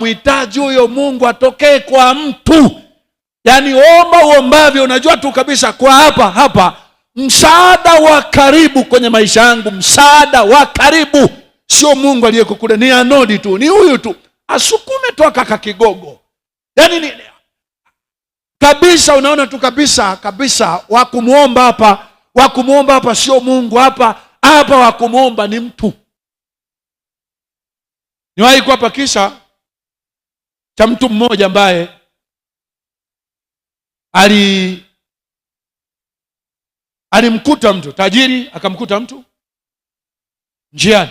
kuhitaji huyo Mungu atokee kwa mtu. Yaani omba uombavyo, unajua tu kabisa kwa hapa hapa, msaada wa karibu kwenye maisha yangu, msaada wa karibu sio Mungu aliyeko kule, ni anodi tu, ni huyu tu asukume tu kaka kigogo, yaani ni kabisa, unaona tu kabisa kabisa, wa wakumwomba hapa, wa wakumwomba hapa sio Mungu hapa hapa, wa wakumwomba ni mtu. Niwahi kuwa hapa, kisha cha mtu mmoja ambaye ali alimkuta mtu tajiri, akamkuta mtu njiani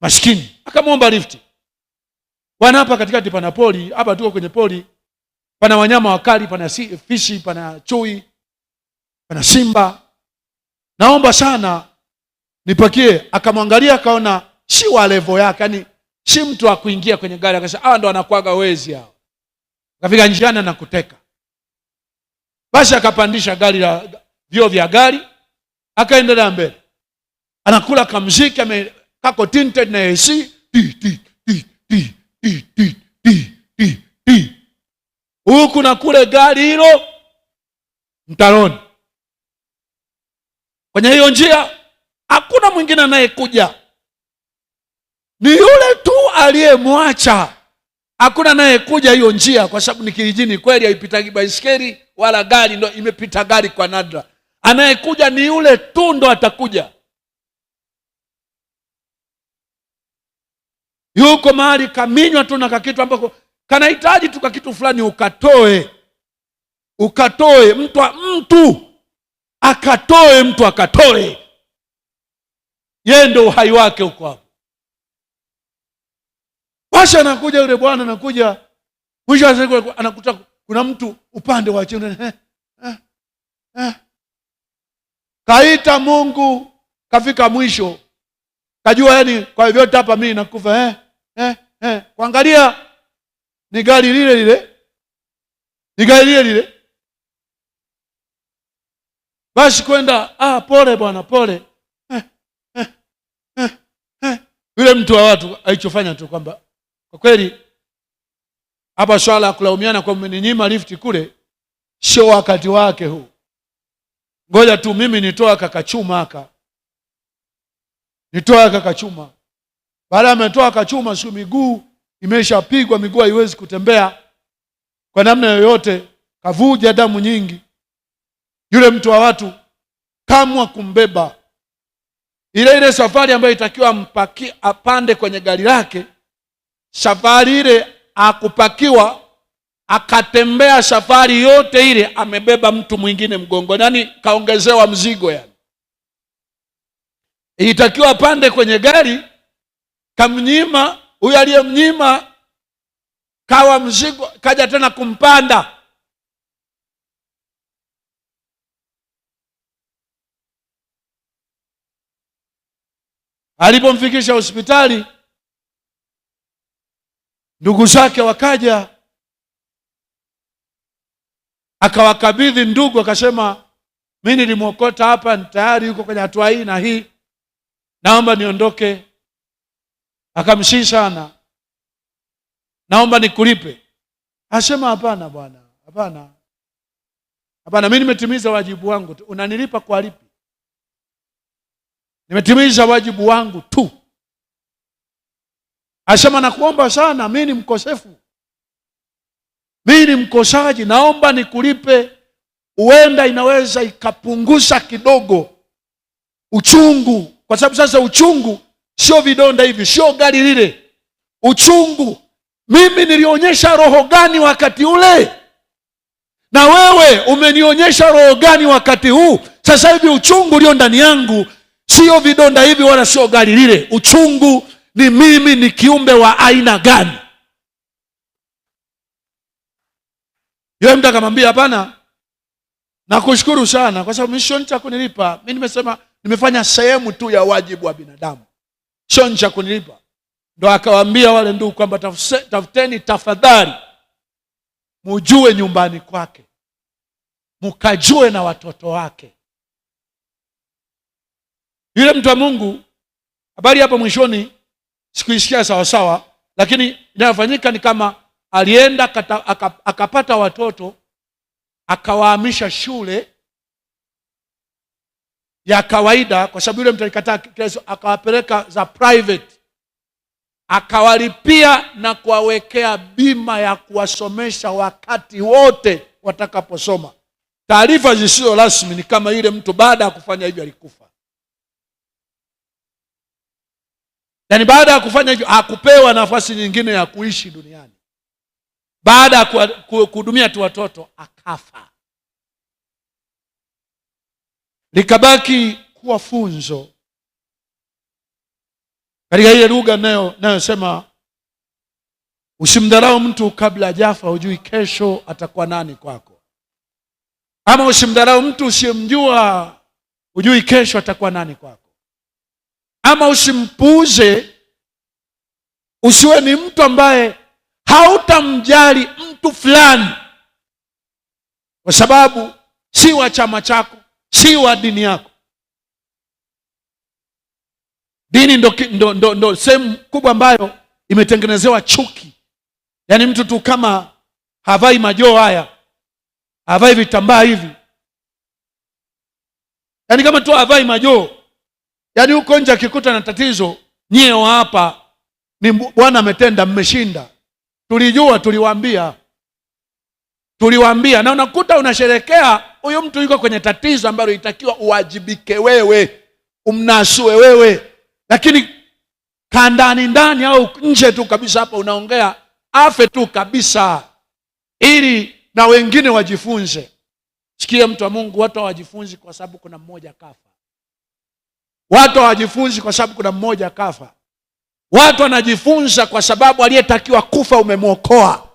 maskini, akamwomba lifti. Bwana, hapa katikati pana poli, hapa tuko kwenye poli, pana wanyama wakali, pana fisi, pana chui, pana simba, naomba sana nipakie. Akamwangalia akaona si wa levo yake, yani si mtu akuingia kwenye gari akasema hawa ah, ndo anakuaga wezi hao. Akafika njiani anakuteka, basi akapandisha gari la vio vya gari akaendelea mbele, anakula kamziki ame kako tinted na AC huku na kule, gari hilo mtaroni. Kwenye hiyo njia hakuna mwingine anayekuja ni yule tu aliyemwacha. Hakuna anayekuja hiyo njia, kwa sababu ni kijijini kweli, haipitagi baiskeli wala gari, ndo imepita gari kwa nadra. Anayekuja ni yule tu ndo atakuja. Yuko mahali kaminywa tu na kakitu ambako kanahitaji tu kakitu fulani, ukatoe ukatoe, mtu mtu akatoe, mtu akatoe, yeye ndo uhai wake huko hapo. Asha anakuja yule bwana anakuja, mwisho anakuta kuna mtu upande wa chini eh, eh, eh. Kaita Mungu kafika mwisho, kajua yani kwa vyovyote hapa mimi nakufa eh, eh, eh. Kuangalia ni gari lile lile, ni gari lile lile basi kwenda ah, pole bwana pole. Eh, eh, eh, eh. Yule mtu wa watu aichofanya tu kwamba kwa kweli hapa swala ya kulaumiana kwa mmeninyima lifti kule sio wakati wake huu. Ngoja tu mimi nitoa kakachuma haka, nitoa kakachuma. Baada ametoa kakachuma, sio miguu imeshapigwa, miguu haiwezi kutembea kwa namna yoyote, kavuja damu nyingi. Yule mtu wa watu kamwa kumbeba ile ile safari ambayo itakiwa ampakie apande kwenye gari lake safari ile akupakiwa akatembea safari yote ile amebeba mtu mwingine mgongo yaani kaongezewa mzigo. Yani ilitakiwa pande kwenye gari, kamnyima huyo aliyemnyima, kawa mzigo, kaja tena kumpanda. Alipomfikisha hospitali Ndugu zake wakaja, akawakabidhi ndugu, akasema mi nilimwokota hapa, tayari yuko kwenye hatua hii na hii, naomba niondoke. Akamsii sana, naomba nikulipe. Asema hapana bwana, hapana hapana, mi nimetimiza wajibu wangu tu. Unanilipa kwa lipi? Nimetimiza wajibu wangu tu. Asema nakuomba sana, mimi ni mkosefu, mi ni mkosaji, naomba nikulipe. Huenda inaweza ikapunguza kidogo uchungu, kwa sababu sasa uchungu sio vidonda hivi, sio gari lile. Uchungu mimi nilionyesha roho gani wakati ule, na wewe umenionyesha roho gani wakati huu? Sasa hivi uchungu ulio ndani yangu sio vidonda hivi, wala sio gari lile. Uchungu ni mimi ni kiumbe wa aina gani yeye mtu akamwambia hapana nakushukuru sana kwa sababu mishoni cha kunilipa mi nimesema nimefanya sehemu tu ya wajibu wa binadamu shoni cha kunilipa ndo akawaambia wale ndugu kwamba tafuteni tafadhali mujue nyumbani kwake mkajue na watoto wake yule mtu wa mungu habari hapa mwishoni sikuisikia sawasawa, lakini inayofanyika ni kama alienda kata, akapata watoto akawahamisha shule ya kawaida, kwa sababu yule mtalikataa Kristo, akawapeleka za private, akawalipia na kuwawekea bima ya kuwasomesha wakati wote watakaposoma. Taarifa zisizo rasmi ni kama yule mtu baada ya kufanya hivyo alikufa. Yaani baada ya kufanya hivyo hakupewa nafasi nyingine ya kuishi duniani. Baada ya kuhudumia tu watoto akafa. Likabaki kuwa funzo katika ile lugha nayosema usimdharau mtu kabla jafa hujui kesho atakuwa nani kwako, ama usimdharau mtu usiyemjua, hujui kesho atakuwa nani kwako ama usimpuuze, usiwe ni mtu ambaye hautamjali mtu fulani, kwa sababu si wa chama chako, si wa dini yako. Dini ndo, ndo, ndo, ndo sehemu kubwa ambayo imetengenezewa chuki. Yaani mtu tu kama havai majoo haya, havai vitambaa hivi, yaani kama tu havai majoo yaani huko nje akikuta na tatizo, nyie hapa ni Bwana ametenda, mmeshinda. Tulijua, tuliwaambia, tuliwaambia. Na unakuta unasherekea huyu mtu yuko kwenye tatizo ambalo itakiwa uwajibike wewe, umnasue wewe, lakini kandani ndani au nje tu kabisa, hapa unaongea afe tu kabisa, ili na wengine wajifunze. Sikia mtu wa Mungu, watu hawajifunzi kwa sababu kuna mmoja kafa. Watu hawajifunzi kwa sababu kuna mmoja kafa. Watu wanajifunza kwa sababu aliyetakiwa kufa umemwokoa,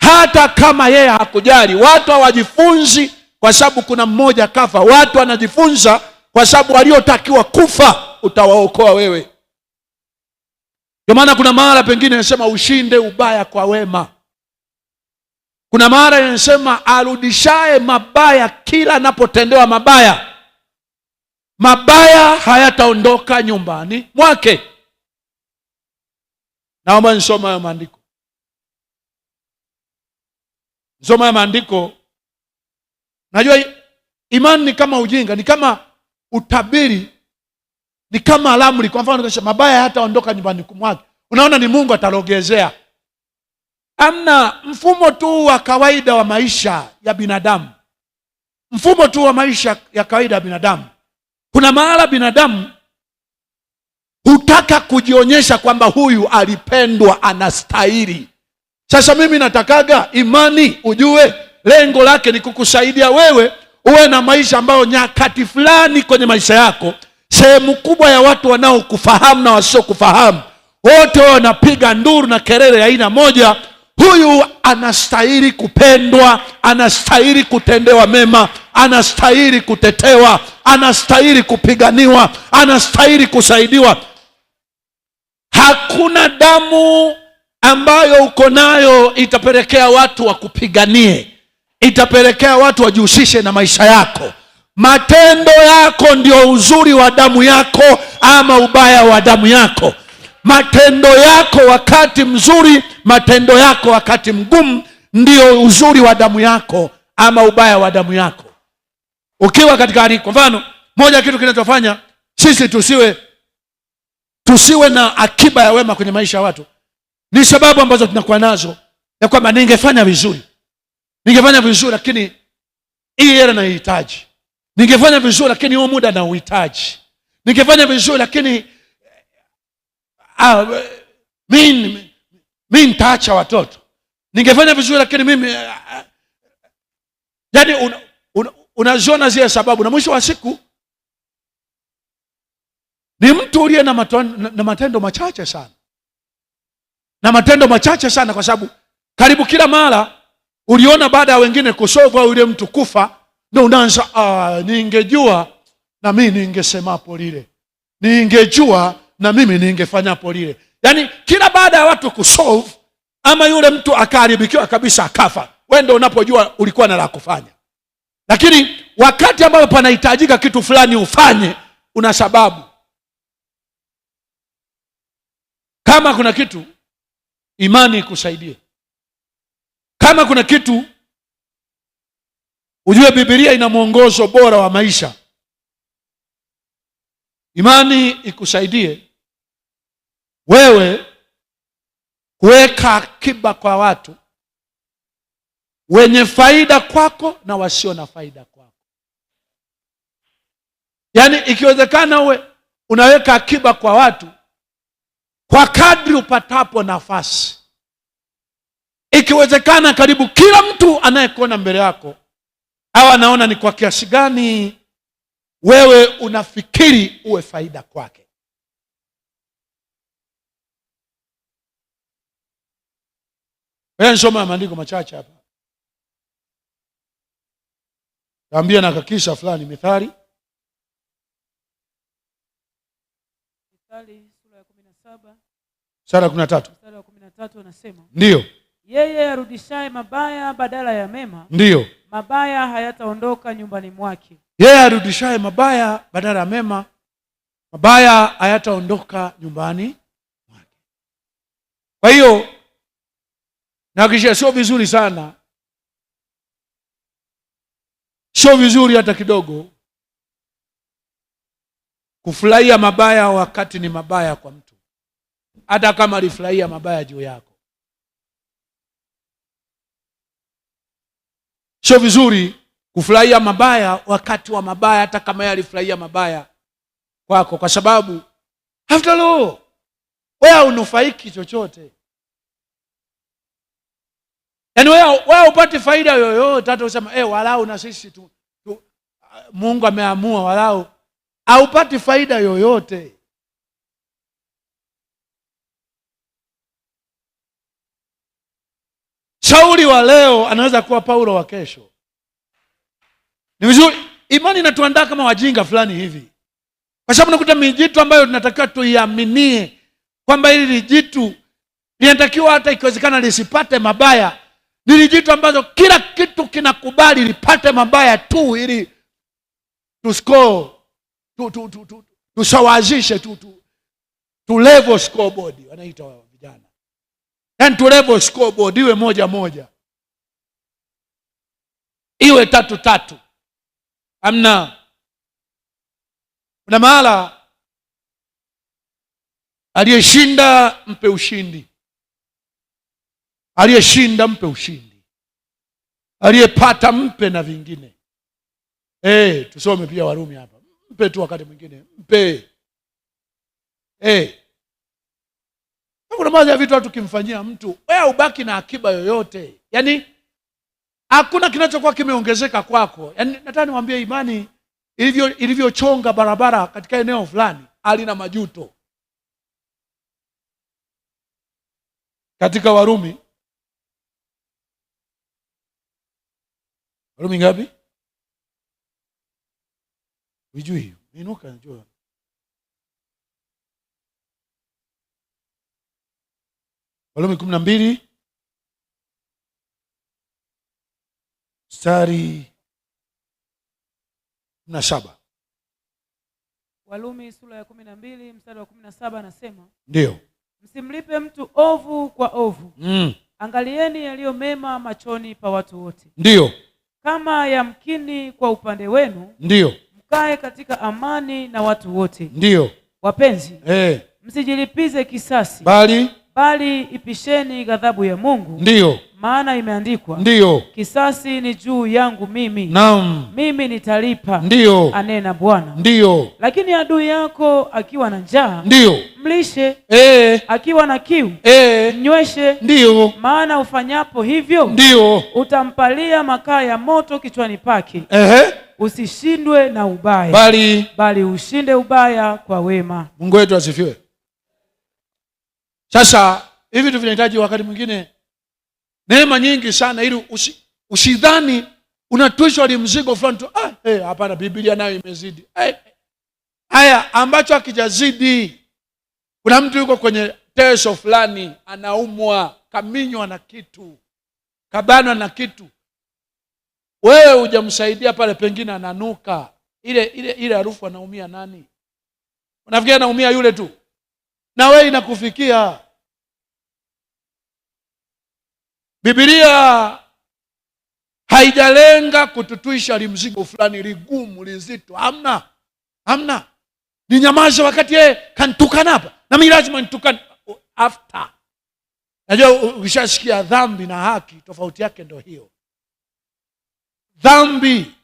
hata kama yeye hakujali. Watu hawajifunzi kwa sababu kuna mmoja kafa. Watu wanajifunza kwa sababu waliotakiwa kufa utawaokoa wewe. Ndio maana kuna mara pengine inasema ushinde ubaya kwa wema. Kuna mara inasema arudishaye mabaya kila anapotendewa mabaya mabaya hayataondoka nyumbani mwake. Naomba nisoma hayo maandiko, nisoma hayo maandiko. Najua imani ni kama ujinga, ni kama utabiri, ni kama alamri. Kwa mfano, mabaya hayataondoka nyumbani mwake, unaona ni Mungu atalogezea. Amna mfumo tu wa kawaida wa maisha ya binadamu, mfumo tu wa maisha ya kawaida ya binadamu kuna mahala binadamu hutaka kujionyesha kwamba huyu alipendwa, anastahili. Sasa mimi natakaga imani ujue lengo lake ni kukusaidia wewe uwe na maisha ambayo nyakati fulani kwenye maisha yako sehemu kubwa ya watu wanaokufahamu na wasiokufahamu wote wao wanapiga nduru na kelele ya aina moja huyu anastahili kupendwa, anastahili kutendewa mema, anastahili kutetewa, anastahili kupiganiwa, anastahili kusaidiwa. Hakuna damu ambayo uko nayo itapelekea watu wakupiganie, itapelekea watu wajihusishe na maisha yako. Matendo yako ndio uzuri wa damu yako ama ubaya wa damu yako matendo yako wakati mzuri, matendo yako wakati mgumu, ndio uzuri wa damu yako ama ubaya wa damu yako. Ukiwa katika hali, kwa mfano, moja kitu kinachofanya sisi tusiwe tusiwe na akiba ya wema kwenye maisha ya watu ni sababu ambazo tunakuwa nazo ya kwamba ningefanya vizuri, ningefanya vizuri, lakini hii hela naihitaji. Ningefanya vizuri, lakini huu muda nauhitaji. Ningefanya vizuri, lakini ah, mi nitaacha watoto, ningefanya vizuri, lakini mimi eh, eh, yani una, una, unaziona zile sababu, na mwisho wa siku ni mtu uliye na, na matendo machache sana na matendo machache sana, kwa sababu karibu kila mara uliona baada ya wengine kusovu au yule mtu kufa ndo unaanza ah, ningejua na mi ningesemapo lile, ningejua na mimi ningefanyapo lile. Yaani kila baada ya watu kusolve ama yule mtu akaharibikiwa kabisa akafa, we ndo unapojua ulikuwa na la kufanya. Lakini wakati ambapo panahitajika kitu fulani ufanye, una sababu. Kama kuna kitu imani ikusaidie, kama kuna kitu ujue, bibilia ina mwongozo bora wa maisha. Imani ikusaidie wewe huweka akiba kwa watu wenye faida kwako na wasio na faida kwako. Yaani ikiwezekana uwe unaweka akiba kwa watu kwa kadri upatapo nafasi. Ikiwezekana karibu kila mtu anayekuona mbele yako awa anaona ni kwa kiasi gani wewe unafikiri uwe faida kwake. Nisoma maandiko machache hapa, taambia na kakisha fulani. Mithali, Mithali sura ya kumi na sura ya kumi tatu sura ya kumi na tatu ndiyo yeye arudishaye mabaya badala ya mema, ndiyo mabaya hayataondoka nyumbani mwake. Yeye arudishaye mabaya badala ya mema, mabaya hayataondoka nyumbani mwake. Kwa hiyo na kisha, sio vizuri sana, sio vizuri hata kidogo kufurahia mabaya wakati ni mabaya kwa mtu, hata kama alifurahia mabaya juu yako. Sio vizuri kufurahia mabaya wakati wa mabaya, hata kama yeye alifurahia mabaya kwako, kwa sababu after all wewe unufaiki chochote Yaani wewe upate faida yoyote hata usema eh, walau na sisi tu, tu, uh, Mungu ameamua walau haupati faida yoyote. shauri wa leo anaweza kuwa Paulo wa kesho. Ni vizuri imani inatuandaa kama wajinga fulani hivi, kwa sababu nakuta mijitu ambayo tunatakiwa tuiaminie kwamba hili lijitu linatakiwa hata ikiwezekana lisipate mabaya nili jitu ambazo kila kitu kinakubali lipate mabaya tu, ili tusko tusawazishe tu, tu, tu, tu, tu, tu level scoreboard wanaita wao vijana, yaani tu level scoreboard iwe moja moja, iwe tatu tatu, amna kuna mahala aliyeshinda mpe ushindi Aliyeshinda mpe ushindi, aliyepata mpe na vingine. E, tusome pia Warumi hapa, mpe tu wakati mwingine mpe. E, kuna baadhi ya vitu watu kimfanyia mtu, wewe ubaki na akiba yoyote, yaani hakuna kinachokuwa kimeongezeka kwako. Yaani nataka niwaambie imani ilivyo ilivyochonga barabara katika eneo fulani, alina majuto katika Warumi Warumi ngapi? Wijui, inuka najua. Warumi kumi na mbili mstari kumi na saba Walumi sura ya kumi na mbili mstari wa kumi na saba anasema ndio msimlipe mtu ovu kwa ovu mm. Angalieni yaliyo mema machoni pa watu wote, ndio kama yamkini kwa upande wenu, ndiyo mkae katika amani na watu wote. Ndiyo wapenzi, hey. Eh. Msijilipize kisasi, bali bali ipisheni ghadhabu ya Mungu. Ndiyo maana imeandikwa, ndiyo kisasi ni juu yangu mimi, naam mimi nitalipa, ndiyo anena Bwana. Ndiyo, lakini adui yako akiwa na njaa, ndiyo mlishe e, akiwa na kiu e, eh. mnyweshe. Ndio maana ufanyapo hivyo, ndio utampalia makaa ya moto kichwani pake. Ehe, usishindwe na ubaya, bali bali ushinde ubaya kwa wema. Mungu wetu asifiwe. Sasa hivi vitu vinahitaji wakati mwingine neema nyingi sana, ili usi, usidhani unatwishwa li mzigo fulani tu. Ah, hey, eh, Biblia nayo imezidi haya hey, ambacho akijazidi kuna mtu yuko kwenye tesho fulani, anaumwa, kaminywa na kitu, kabanwa na kitu, wewe hujamsaidia pale, pengine ananuka ile ile ile harufu, anaumia nani? Unafikiri anaumia yule tu, na wewe inakufikia. Biblia haijalenga kututwisha limzigo fulani ligumu lizito, hamna, hamna. Ni nyamaza wakati yeye kantukana hapa mi lazima nitukane oh, after. Najua ukishasikia dhambi na haki, tofauti yake ndo hiyo. Dhambi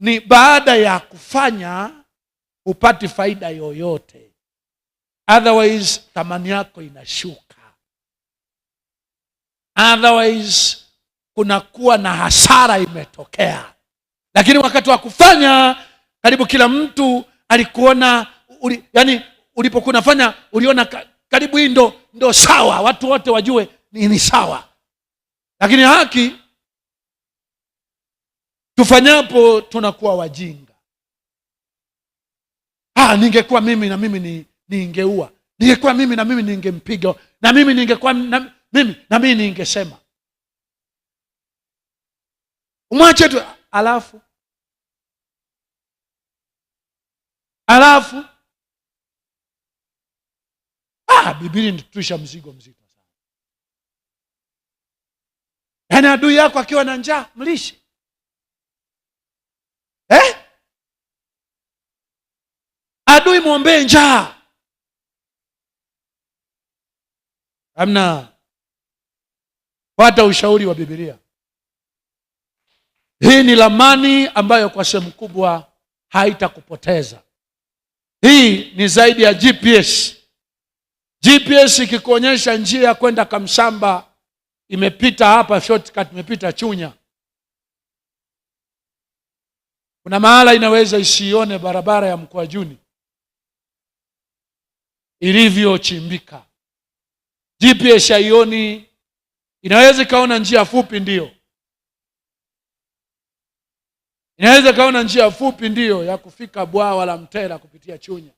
ni baada ya kufanya upati faida yoyote, otherwise thamani yako inashuka, otherwise kunakuwa na hasara imetokea. Lakini wakati wa kufanya, karibu kila mtu alikuona uli, yani ulipokuwa unafanya uliona karibu hii ndo, ndo sawa, watu wote wajue ni, ni sawa. Lakini haki tufanyapo tunakuwa wajinga. ha, ningekuwa mimi na mimi ni, ningeua, ningekuwa mimi na mimi ningempiga, na mimi ningekuwa na mimi na mimi ningesema umwache tu, alafu alafu Biblia inatutisha mzigo mzito sana. Yaani adui yako akiwa na njaa mlishe eh? Adui mwombee njaa, amna pata ushauri wa Biblia. Hii ni lamani ambayo kwa sehemu kubwa haitakupoteza. Hii ni zaidi ya GPS GPS ikikuonyesha njia ya kwenda Kamsamba, imepita hapa shortcut, imepita Chunya. Kuna mahala inaweza isione barabara ya Mkwajuni ilivyochimbika, GPS haioni, inaweza ikaona njia fupi, ndiyo inaweza ikaona njia fupi ndiyo ya kufika bwawa la Mtera kupitia Chunya